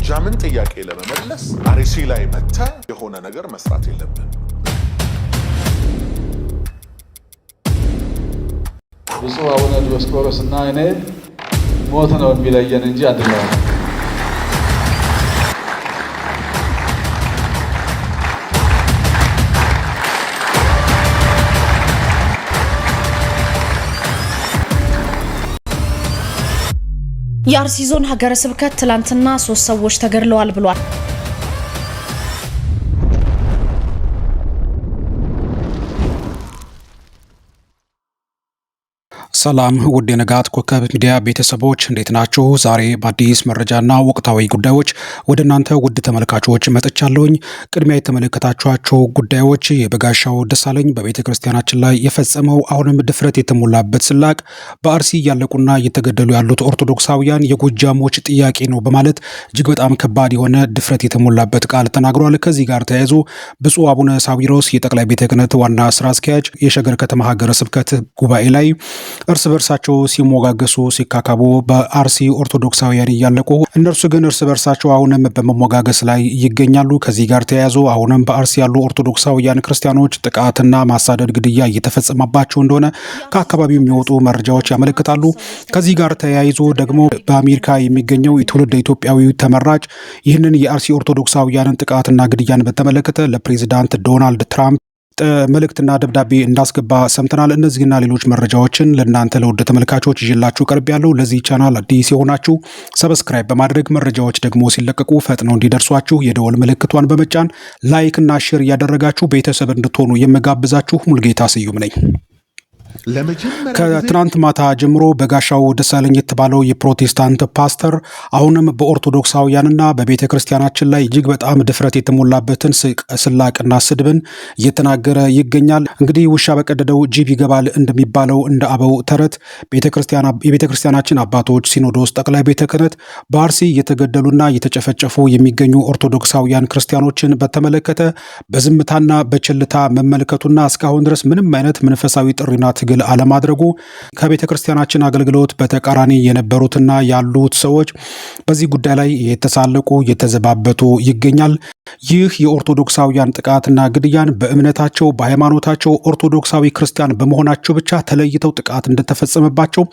የጎጃምን ጥያቄ ለመመለስ አርሲ ላይ መተ የሆነ ነገር መስራት የለብን። ብፁዕ አቡነ ዲዮስቆሮስ እና እኔ ሞት ነው የሚለየን እንጂ አድለዋል። የአርሲ ዞን ሀገረ ስብከት ትላንትና ሶስት ሰዎች ተገድለዋል ብሏል። ሰላም ውድ የንጋት ኮከብ ሚዲያ ቤተሰቦች እንዴት ናችሁ? ዛሬ በአዲስ መረጃና ወቅታዊ ጉዳዮች ወደ እናንተ ውድ ተመልካቾች መጥቻለሁኝ። ቅድሚያ የተመለከታችኋቸው ጉዳዮች የበጋሻው ደሳለኝ በቤተ ክርስቲያናችን ላይ የፈጸመው አሁንም ድፍረት የተሞላበት ስላቅ፣ በአርሲ እያለቁና እየተገደሉ ያሉት ኦርቶዶክሳውያን የጎጃሞች ጥያቄ ነው በማለት እጅግ በጣም ከባድ የሆነ ድፍረት የተሞላበት ቃል ተናግሯል። ከዚህ ጋር ተያይዞ ብፁዕ አቡነ ሳዊሮስ የጠቅላይ ቤተ ክህነት ዋና ስራ አስኪያጅ የሸገር ከተማ ሀገረ ስብከት ጉባኤ ላይ እርስ በርሳቸው ሲሞጋገሱ ሲካካቡ በአርሲ ኦርቶዶክሳውያን እያለቁ እነርሱ ግን እርስ በርሳቸው አሁንም በመሞጋገስ ላይ ይገኛሉ። ከዚህ ጋር ተያያዙ አሁንም በአርሲ ያሉ ኦርቶዶክሳውያን ክርስቲያኖች ጥቃትና ማሳደድ፣ ግድያ እየተፈጸመባቸው እንደሆነ ከአካባቢው የሚወጡ መረጃዎች ያመለክታሉ። ከዚህ ጋር ተያይዞ ደግሞ በአሜሪካ የሚገኘው ትውልደ ኢትዮጵያዊ ተመራጭ ይህንን የአርሲ ኦርቶዶክሳውያንን ጥቃትና ግድያን በተመለከተ ለፕሬዚዳንት ዶናልድ ትራምፕ መልእክትና ደብዳቤ እንዳስገባ ሰምተናል። እነዚህና ሌሎች መረጃዎችን ለእናንተ ለውድ ተመልካቾች ይዤላችሁ ቀርብ ያለው። ለዚህ ቻናል አዲስ የሆናችሁ ሰብስክራይብ በማድረግ መረጃዎች ደግሞ ሲለቀቁ ፈጥነው እንዲደርሷችሁ የደወል ምልክቷን በመጫን እና ሼር እያደረጋችሁ ቤተሰብ እንድትሆኑ የምጋብዛችሁ ሙልጌታ ስዩም ነኝ። ከትናንት ማታ ጀምሮ በጋሻው ደሳለኝ የተባለው የፕሮቴስታንት ፓስተር አሁንም በኦርቶዶክሳውያንና በቤተ ክርስቲያናችን ላይ እጅግ በጣም ድፍረት የተሞላበትን ስላቅና ስድብን እየተናገረ ይገኛል። እንግዲህ ውሻ በቀደደው ጅብ ይገባል እንደሚባለው እንደ አበው ተረት የቤተ ክርስቲያናችን አባቶች፣ ሲኖዶስ፣ ጠቅላይ ቤተ ክህነት በአርሲ እየተገደሉና እየተጨፈጨፉ የሚገኙ ኦርቶዶክሳውያን ክርስቲያኖችን በተመለከተ በዝምታና በችልታ መመልከቱና እስካሁን ድረስ ምንም አይነት መንፈሳዊ ጥሪናት ትግል አለማድረጉ ከቤተ ክርስቲያናችን አገልግሎት በተቃራኒ የነበሩትና ያሉት ሰዎች በዚህ ጉዳይ ላይ የተሳለቁ የተዘባበቱ ይገኛል። ይህ የኦርቶዶክሳውያን ጥቃትና ግድያን በእምነታቸው በሃይማኖታቸው ኦርቶዶክሳዊ ክርስቲያን በመሆናቸው ብቻ ተለይተው ጥቃት እንደተፈጸመባቸው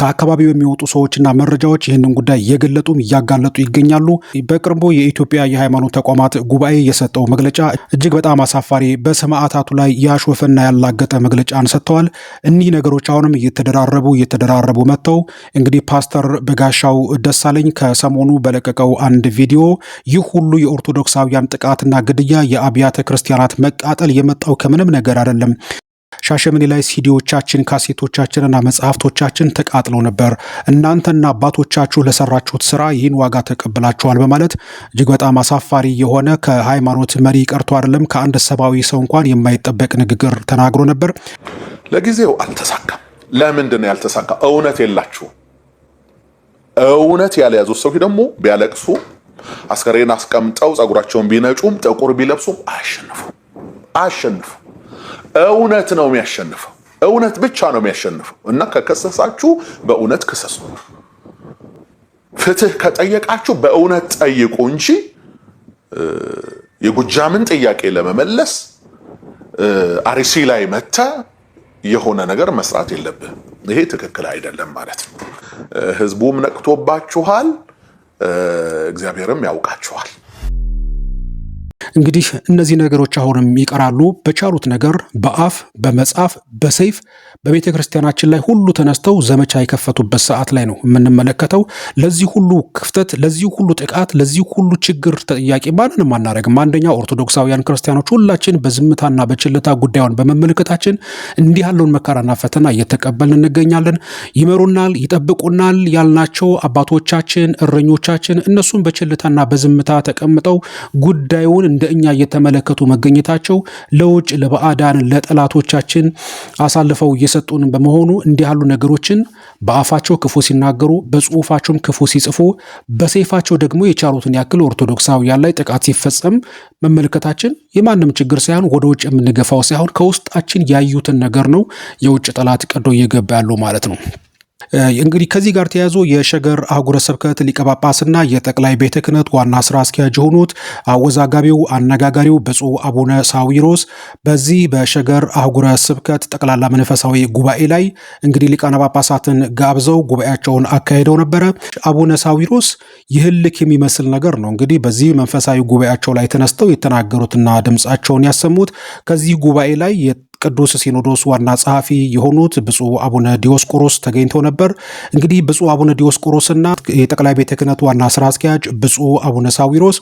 ከአካባቢው የሚወጡ ሰዎችና መረጃዎች ይህንን ጉዳይ እየገለጡም እያጋለጡ ይገኛሉ። በቅርቡ የኢትዮጵያ የሃይማኖት ተቋማት ጉባኤ የሰጠው መግለጫ እጅግ በጣም አሳፋሪ፣ በሰማዕታቱ ላይ ያሾፈና ያላገጠ መግለጫን ሰጥተዋል። እኒህ ነገሮች አሁንም እየተደራረቡ እየተደራረቡ መጥተው እንግዲህ ፓስተር በጋሻው ደሳለኝ ከሰሞኑ በለቀቀው አንድ ቪዲዮ ይህ ሁሉ የኦርቶዶክሳውያን ጥቃትና ግድያ፣ የአብያተ ክርስቲያናት መቃጠል የመጣው ከምንም ነገር አይደለም ሻሸመኔ ላይ ሲዲዎቻችን፣ ካሴቶቻችንና መጽሐፍቶቻችን ተቃጥለው ነበር። እናንተና አባቶቻችሁ ለሰራችሁት ስራ ይህን ዋጋ ተቀብላችኋል በማለት እጅግ በጣም አሳፋሪ የሆነ ከሃይማኖት መሪ ቀርቶ አይደለም ከአንድ ሰብአዊ ሰው እንኳን የማይጠበቅ ንግግር ተናግሮ ነበር። ለጊዜው አልተሳካም። ለምንድን ነው ያልተሳካ? እውነት የላችሁም። እውነት ያልያዙ ሰዎች ደግሞ ቢያለቅሱ አስከሬን አስቀምጠው ጸጉራቸውን ቢነጩም ጥቁር ቢለብሱም አያሸንፉ አያሸንፉ እውነት ነው የሚያሸንፈው። እውነት ብቻ ነው የሚያሸንፈው እና ከከሰሳችሁ በእውነት ክሰሱ። ፍትህ ከጠየቃችሁ በእውነት ጠይቁ እንጂ የጎጃምን ጥያቄ ለመመለስ አርሲ ላይ መተ የሆነ ነገር መስራት የለብህ። ይሄ ትክክል አይደለም ማለት ነው። ህዝቡም ነቅቶባችኋል፣ እግዚአብሔርም ያውቃችኋል። እንግዲህ እነዚህ ነገሮች አሁንም ይቀራሉ። በቻሉት ነገር በአፍ በመጻፍ በሰይፍ በቤተ ክርስቲያናችን ላይ ሁሉ ተነስተው ዘመቻ የከፈቱበት ሰዓት ላይ ነው የምንመለከተው። ለዚህ ሁሉ ክፍተት፣ ለዚህ ሁሉ ጥቃት፣ ለዚህ ሁሉ ችግር ተጠያቂ ማንንም አናደርግም። አንደኛ ኦርቶዶክሳውያን ክርስቲያኖች ሁላችን በዝምታና በችልታ ጉዳዩን በመመልከታችን እንዲህ ያለውን መከራና ፈተና እየተቀበልን እንገኛለን። ይመሩናል፣ ይጠብቁናል ያልናቸው አባቶቻችን፣ እረኞቻችን እነሱም በችልታና በዝምታ ተቀምጠው ጉዳዩን ወደ እኛ እየተመለከቱ መገኘታቸው ለውጭ ለባዕዳን ለጠላቶቻችን አሳልፈው እየሰጡን በመሆኑ እንዲህ ያሉ ነገሮችን በአፋቸው ክፉ ሲናገሩ፣ በጽሁፋቸውም ክፉ ሲጽፉ፣ በሰይፋቸው ደግሞ የቻሉትን ያክል ኦርቶዶክሳውያን ላይ ጥቃት ሲፈጸም መመልከታችን የማንም ችግር ሳይሆን ወደ ውጭ የምንገፋው ሳይሆን ከውስጣችን ያዩትን ነገር ነው የውጭ ጠላት ቀዶ እየገባ ያለው ማለት ነው። እንግዲህ ከዚህ ጋር ተያይዞ የሸገር አህጉረ ስብከት ሊቀ ጳጳስና የጠቅላይ ቤተ ክህነት ዋና ስራ አስኪያጅ የሆኑት አወዛጋቢው አነጋጋሪው ብፁዕ አቡነ ሳዊሮስ በዚህ በሸገር አህጉረ ስብከት ጠቅላላ መንፈሳዊ ጉባኤ ላይ እንግዲህ ሊቃነ ጳጳሳትን ጋብዘው ጉባኤያቸውን አካሄደው ነበረ። አቡነ ሳዊሮስ ይህልክ የሚመስል ነገር ነው እንግዲህ በዚህ መንፈሳዊ ጉባኤያቸው ላይ ተነስተው የተናገሩትና ድምፃቸውን ያሰሙት ከዚህ ጉባኤ ላይ ቅዱስ ሲኖዶስ ዋና ጸሐፊ የሆኑት ብፁዕ አቡነ ዲዮስቆሮስ ተገኝተው ነበር። እንግዲህ ብፁዕ አቡነ ዲዮስቆሮስና የጠቅላይ ቤተ ክህነት ዋና ስራ አስኪያጅ ብፁዕ አቡነ ሳዊሮስ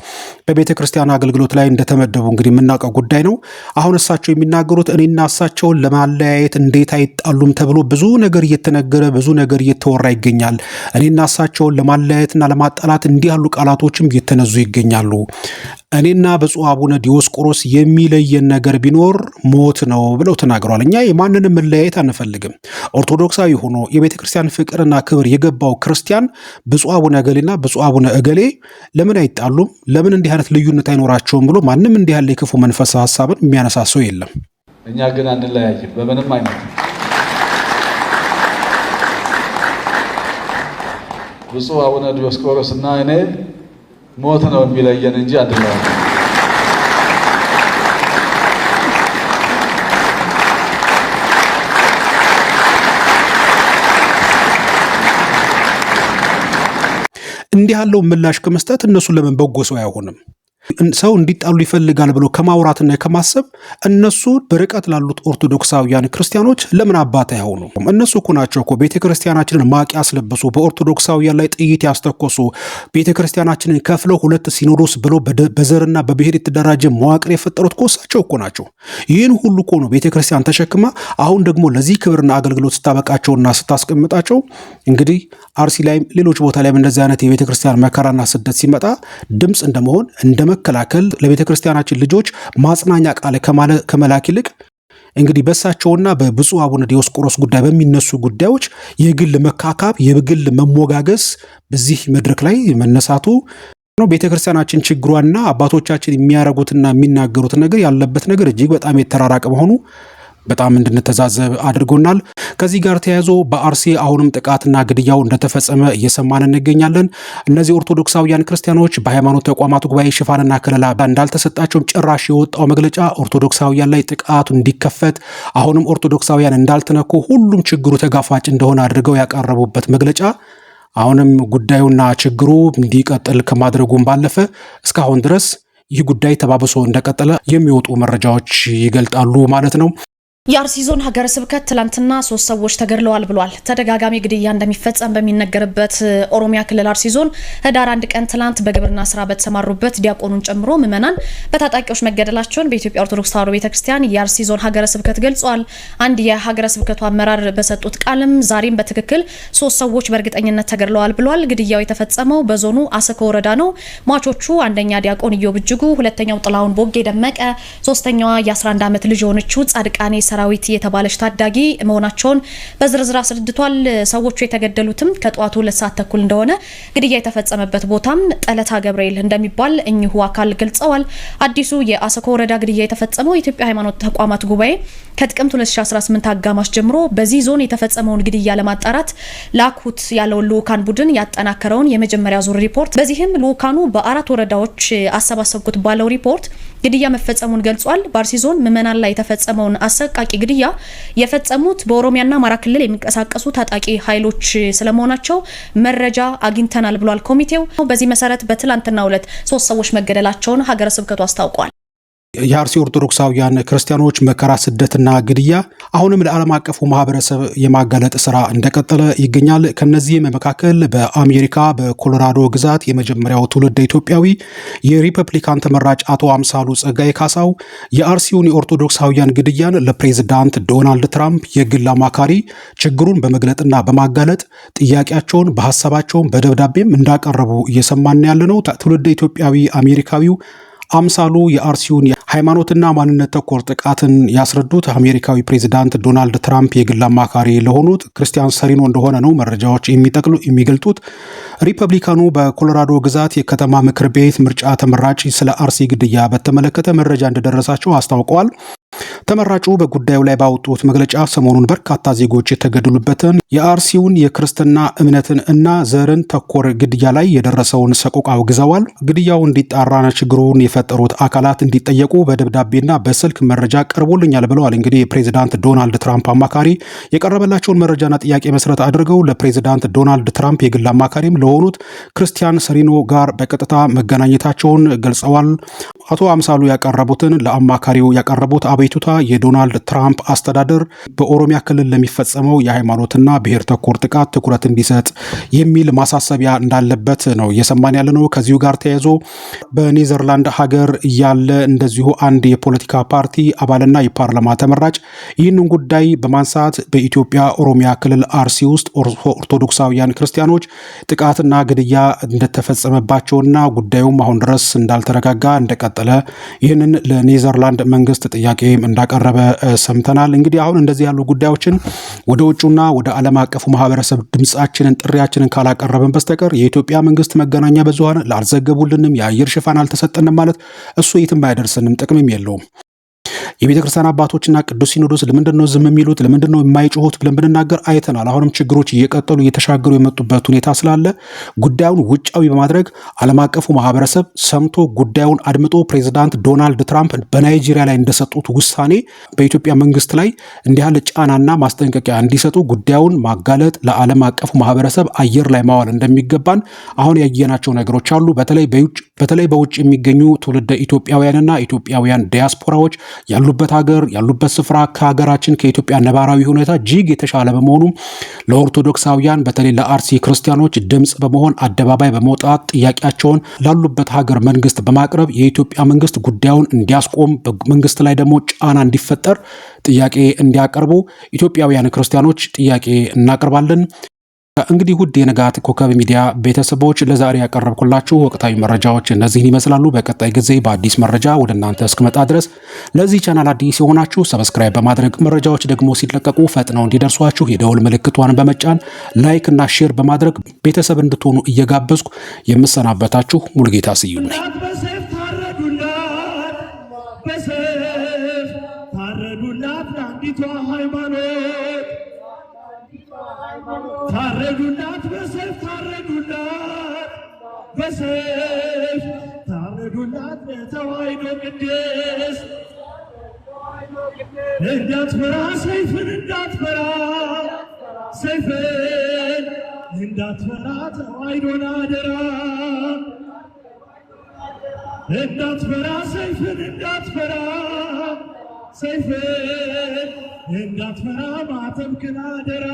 በቤተ ክርስቲያን አገልግሎት ላይ እንደተመደቡ እንግዲህ የምናውቀው ጉዳይ ነው። አሁን እሳቸው የሚናገሩት እኔና እሳቸውን ለማለያየት እንዴት አይጣሉም ተብሎ ብዙ ነገር እየተነገረ ብዙ ነገር እየተወራ ይገኛል። እኔና እሳቸውን ለማለያየትና ለማጣላት እንዲህ ያሉ ቃላቶችም እየተነዙ ይገኛሉ። እኔና ብፁዕ አቡነ ዲዮስቆሮስ የሚለየን ነገር ቢኖር ሞት ነው ብለው ተናግረዋል። እኛ የማንንም መለያየት አንፈልግም። ኦርቶዶክሳዊ ሆኖ የቤተ ክርስቲያን ፍቅርና ክብር የገባው ክርስቲያን ብፁዕ አቡነ እገሌና ብፁዕ አቡነ እገሌ ለምን አይጣሉም? ለምን እንዲህ አይነት ልዩነት አይኖራቸውም? ብሎ ማንም እንዲህ ያለ የክፉ መንፈስ ሀሳብን የሚያነሳ ሰው የለም። እኛ ግን አንለያይም በምንም አይነት ብፁዕ አቡነ ዲዮስቆሮስ እና እኔ ሞት ነው የሚለየን እንጂ አይደለም። እንዲህ ያለው ምላሽ ከመስጠት እነሱ ለምን በጎ ሰው አይሆንም? ሰው እንዲጣሉ ይፈልጋል ብሎ ከማውራትና ከማሰብ እነሱ በርቀት ላሉት ኦርቶዶክሳውያን ክርስቲያኖች ለምን አባት አይሆኑ? እነሱ እኮ ናቸው እኮ ቤተ ክርስቲያናችንን ማቅ ያስለበሱ፣ በኦርቶዶክሳውያን ላይ ጥይት ያስተኮሱ፣ ቤተ ክርስቲያናችንን ከፍለው ሁለት ሲኖዶስ ብሎ በዘርና በብሔር የተደራጀ መዋቅር የፈጠሩት እኮ እሳቸው እኮ ናቸው። ይህን ሁሉ እኮ ነው ቤተ ክርስቲያን ተሸክማ አሁን ደግሞ ለዚህ ክብርና አገልግሎት ስታበቃቸውና ስታስቀምጣቸው እንግዲህ አርሲ ላይም ሌሎች ቦታ ላይም እንደዚህ አይነት የቤተ ክርስቲያን መከራና ስደት ሲመጣ ድምፅ እንደመሆን እንደ በመከላከል ለቤተ ክርስቲያናችን ልጆች ማጽናኛ ቃል ከመላክ ይልቅ እንግዲህ በእሳቸውና በብፁ አቡነ ዲዮስቆሮስ ጉዳይ በሚነሱ ጉዳዮች የግል መካካብ፣ የግል መሞጋገስ በዚህ መድረክ ላይ መነሳቱ ነው ቤተ ክርስቲያናችን ችግሯና አባቶቻችን የሚያረጉትና የሚናገሩት ነገር ያለበት ነገር እጅግ በጣም የተራራቀ መሆኑ በጣም እንድንተዛዘብ አድርጎናል። ከዚህ ጋር ተያይዞ በአርሲ አሁንም ጥቃትና ግድያው እንደተፈጸመ እየሰማን እንገኛለን። እነዚህ ኦርቶዶክሳውያን ክርስቲያኖች በሃይማኖት ተቋማት ጉባኤ ሽፋንና ከለላ እንዳልተሰጣቸውም ጭራሽ የወጣው መግለጫ ኦርቶዶክሳውያን ላይ ጥቃቱ እንዲከፈት አሁንም ኦርቶዶክሳውያን እንዳልተነኩ ሁሉም ችግሩ ተጋፋጭ እንደሆነ አድርገው ያቀረቡበት መግለጫ አሁንም ጉዳዩና ችግሩ እንዲቀጥል ከማድረጉም ባለፈ እስካሁን ድረስ ይህ ጉዳይ ተባብሶ እንደቀጠለ የሚወጡ መረጃዎች ይገልጣሉ ማለት ነው። የአርሲ ዞን ሀገረ ስብከት ትላንትና ሶስት ሰዎች ተገድለዋል ብሏል። ተደጋጋሚ ግድያ እንደሚፈጸም በሚነገርበት ኦሮሚያ ክልል አርሲ ዞን ህዳር አንድ ቀን ትላንት በግብርና ስራ በተሰማሩበት ዲያቆኑን ጨምሮ ምዕመናን በታጣቂዎች መገደላቸውን በኢትዮጵያ ኦርቶዶክስ ተዋሕዶ ቤተክርስቲያን የአርሲ ዞን ሀገረ ስብከት ገልጿል። አንድ የሀገረ ስብከቱ አመራር በሰጡት ቃልም ዛሬም በትክክል ሶስት ሰዎች በእርግጠኝነት ተገድለዋል ብሏል። ግድያው የተፈጸመው በዞኑ አሰኮ ወረዳ ነው። ሟቾቹ አንደኛ ዲያቆን ኢዮብ እጅጉ፣ ሁለተኛው ጥላሁን ቦጌ ደመቀ፣ ሶስተኛዋ የ11 ዓመት ልጅ የሆነችው ጻድቃኔ ሰራዊት የተባለች ታዳጊ መሆናቸውን በዝርዝር አስረድቷል። ሰዎቹ የተገደሉትም ከጠዋቱ ሁለት ሰዓት ተኩል እንደሆነ ግድያ የተፈጸመበት ቦታም ጠለታ ገብርኤል እንደሚባል እኚሁ አካል ገልጸዋል። አዲሱ የአሰኮ ወረዳ ግድያ የተፈጸመው የኢትዮጵያ ሃይማኖት ተቋማት ጉባኤ ከጥቅምት 2018 አጋማሽ ጀምሮ በዚህ ዞን የተፈጸመውን ግድያ ለማጣራት ላኩት ያለውን ልዑካን ቡድን ያጠናከረውን የመጀመሪያ ዙር ሪፖርት በዚህም ልዑካኑ በአራት ወረዳዎች አሰባሰብኩት ባለው ሪፖርት ግድያ መፈጸሙን ገልጿል። በአርሲ ዞን ምዕመናን ላይ የተፈጸመውን አሰቃቂ ግድያ የፈጸሙት በኦሮሚያና አማራ ክልል የሚንቀሳቀሱ ታጣቂ ኃይሎች ስለመሆናቸው መረጃ አግኝተናል ብሏል ኮሚቴው። በዚህ መሰረት በትላንትናው ዕለት ሶስት ሰዎች መገደላቸውን ሀገረ ስብከቱ አስታውቋል። የአርሲ ኦርቶዶክሳውያን ክርስቲያኖች መከራ፣ ስደትና ግድያ አሁንም ለዓለም አቀፉ ማህበረሰብ የማጋለጥ ስራ እንደቀጠለ ይገኛል። ከነዚህም መካከል በአሜሪካ በኮሎራዶ ግዛት የመጀመሪያው ትውልድ ኢትዮጵያዊ የሪፐብሊካን ተመራጭ አቶ አምሳሉ ጸጋይ ካሳው የአርሲውን የኦርቶዶክሳውያን ግድያን ለፕሬዚዳንት ዶናልድ ትራምፕ የግል አማካሪ ችግሩን በመግለጥና በማጋለጥ ጥያቄያቸውን በሀሳባቸውን በደብዳቤም እንዳቀረቡ እየሰማን ያለ ነው። ትውልድ ኢትዮጵያዊ አሜሪካዊው አምሳሉ የአርሲውን ሃይማኖትና ማንነት ተኮር ጥቃትን ያስረዱት አሜሪካዊ ፕሬዚዳንት ዶናልድ ትራምፕ የግል አማካሪ ለሆኑት ክርስቲያን ሰሪኖ እንደሆነ ነው መረጃዎች የሚጠቅሉ የሚገልጡት። ሪፐብሊካኑ በኮሎራዶ ግዛት የከተማ ምክር ቤት ምርጫ ተመራጭ ስለ አርሲ ግድያ በተመለከተ መረጃ እንደደረሳቸው አስታውቀዋል። ተመራጩ በጉዳዩ ላይ ባወጡት መግለጫ ሰሞኑን በርካታ ዜጎች የተገደሉበትን የአርሲውን የክርስትና እምነትን እና ዘርን ተኮር ግድያ ላይ የደረሰውን ሰቆቃ አውግዘዋል። ግድያው እንዲጣራና ችግሩን የፈጠሩት አካላት እንዲጠየቁ በደብዳቤና በስልክ መረጃ ቀርቦልኛል ብለዋል። እንግዲህ የፕሬዚዳንት ዶናልድ ትራምፕ አማካሪ የቀረበላቸውን መረጃና ጥያቄ መሰረት አድርገው ለፕሬዚዳንት ዶናልድ ትራምፕ የግል አማካሪም ለሆኑት ክርስቲያን ሰሪኖ ጋር በቀጥታ መገናኘታቸውን ገልጸዋል። አቶ አምሳሉ ያቀረቡትን ለአማካሪው ያቀረቡት አቤቱታ የዶናልድ ትራምፕ አስተዳደር በኦሮሚያ ክልል ለሚፈጸመው የሃይማኖትና ብሔር ተኮር ጥቃት ትኩረት እንዲሰጥ የሚል ማሳሰቢያ እንዳለበት ነው እየሰማን ያለ ነው። ከዚሁ ጋር ተያይዞ በኔዘርላንድ ሀገር ያለ እንደዚሁ አንድ የፖለቲካ ፓርቲ አባልና የፓርላማ ተመራጭ ይህንን ጉዳይ በማንሳት በኢትዮጵያ ኦሮሚያ ክልል አርሲ ውስጥ ኦርቶዶክሳውያን ክርስቲያኖች ጥቃትና ግድያ እንደተፈጸመባቸውና ጉዳዩም አሁን ድረስ እንዳልተረጋጋ እንደቀጠለ ይህንን ለኔዘርላንድ መንግስት ጥያቄ ጥሪም እንዳቀረበ ሰምተናል። እንግዲህ አሁን እንደዚህ ያሉ ጉዳዮችን ወደ ውጩና ወደ ዓለም አቀፉ ማህበረሰብ ድምፃችንን ጥሪያችንን ካላቀረብን በስተቀር የኢትዮጵያ መንግስት መገናኛ ብዙሀን ላልዘገቡልንም የአየር ሽፋን አልተሰጠንም ማለት እሱ የትም አይደርስንም፣ ጥቅምም የለውም። የቤተ ክርስቲያን አባቶችና ቅዱስ ሲኖዶስ ለምንድን ነው ዝም የሚሉት ለምንድን ነው የማይጮሁት ብለን ብንናገር አይተናል። አሁንም ችግሮች እየቀጠሉ እየተሻገሩ የመጡበት ሁኔታ ስላለ ጉዳዩን ውጫዊ በማድረግ ዓለም አቀፉ ማህበረሰብ ሰምቶ ጉዳዩን አድምጦ ፕሬዚዳንት ዶናልድ ትራምፕ በናይጄሪያ ላይ እንደሰጡት ውሳኔ በኢትዮጵያ መንግስት ላይ እንዲህ ያለ ጫናና ማስጠንቀቂያ እንዲሰጡ ጉዳዩን ማጋለጥ ለዓለም አቀፉ ማህበረሰብ አየር ላይ ማዋል እንደሚገባን አሁን ያየናቸው ነገሮች አሉ። በተለይ በውጭ በተለይ በውጭ የሚገኙ ትውልደ ኢትዮጵያውያንና ኢትዮጵያውያን ዲያስፖራዎች ያሉበት ሀገር ያሉበት ስፍራ ከሀገራችን ከኢትዮጵያ ነባራዊ ሁኔታ እጅግ የተሻለ በመሆኑ ለኦርቶዶክሳውያን በተለይ ለአርሲ ክርስቲያኖች ድምፅ በመሆን አደባባይ በመውጣት ጥያቄያቸውን ላሉበት ሀገር መንግስት በማቅረብ የኢትዮጵያ መንግስት ጉዳዩን እንዲያስቆም መንግስት ላይ ደግሞ ጫና እንዲፈጠር ጥያቄ እንዲያቀርቡ ኢትዮጵያውያን ክርስቲያኖች ጥያቄ እናቀርባለን። እንግዲህ ውድ የንጋት ኮከብ ሚዲያ ቤተሰቦች ለዛሬ ያቀረብኩላችሁ ወቅታዊ መረጃዎች እነዚህን ይመስላሉ። በቀጣይ ጊዜ በአዲስ መረጃ ወደ እናንተ እስክመጣ ድረስ ለዚህ ቻናል አዲስ የሆናችሁ ሰብስክራይብ በማድረግ መረጃዎች ደግሞ ሲለቀቁ ፈጥነው እንዲደርሷችሁ የደውል ምልክቷን በመጫን ላይክ እና ሼር በማድረግ ቤተሰብ እንድትሆኑ እየጋበዝኩ የምሰናበታችሁ ሙሉጌታ ስዩም ነኝ። በሰይፍ ታረዱላት ተዋሕዶ ቅድስት እንዳትፈራ ሰይፍን እንዳትፈራ ሰይፍን እንዳትፈራ ተዋሕዶን አደራ እንዳትፈራ ሰይፍን እንዳትፈራ ሰይፍን እንዳትፈራ ማተብክን አደራ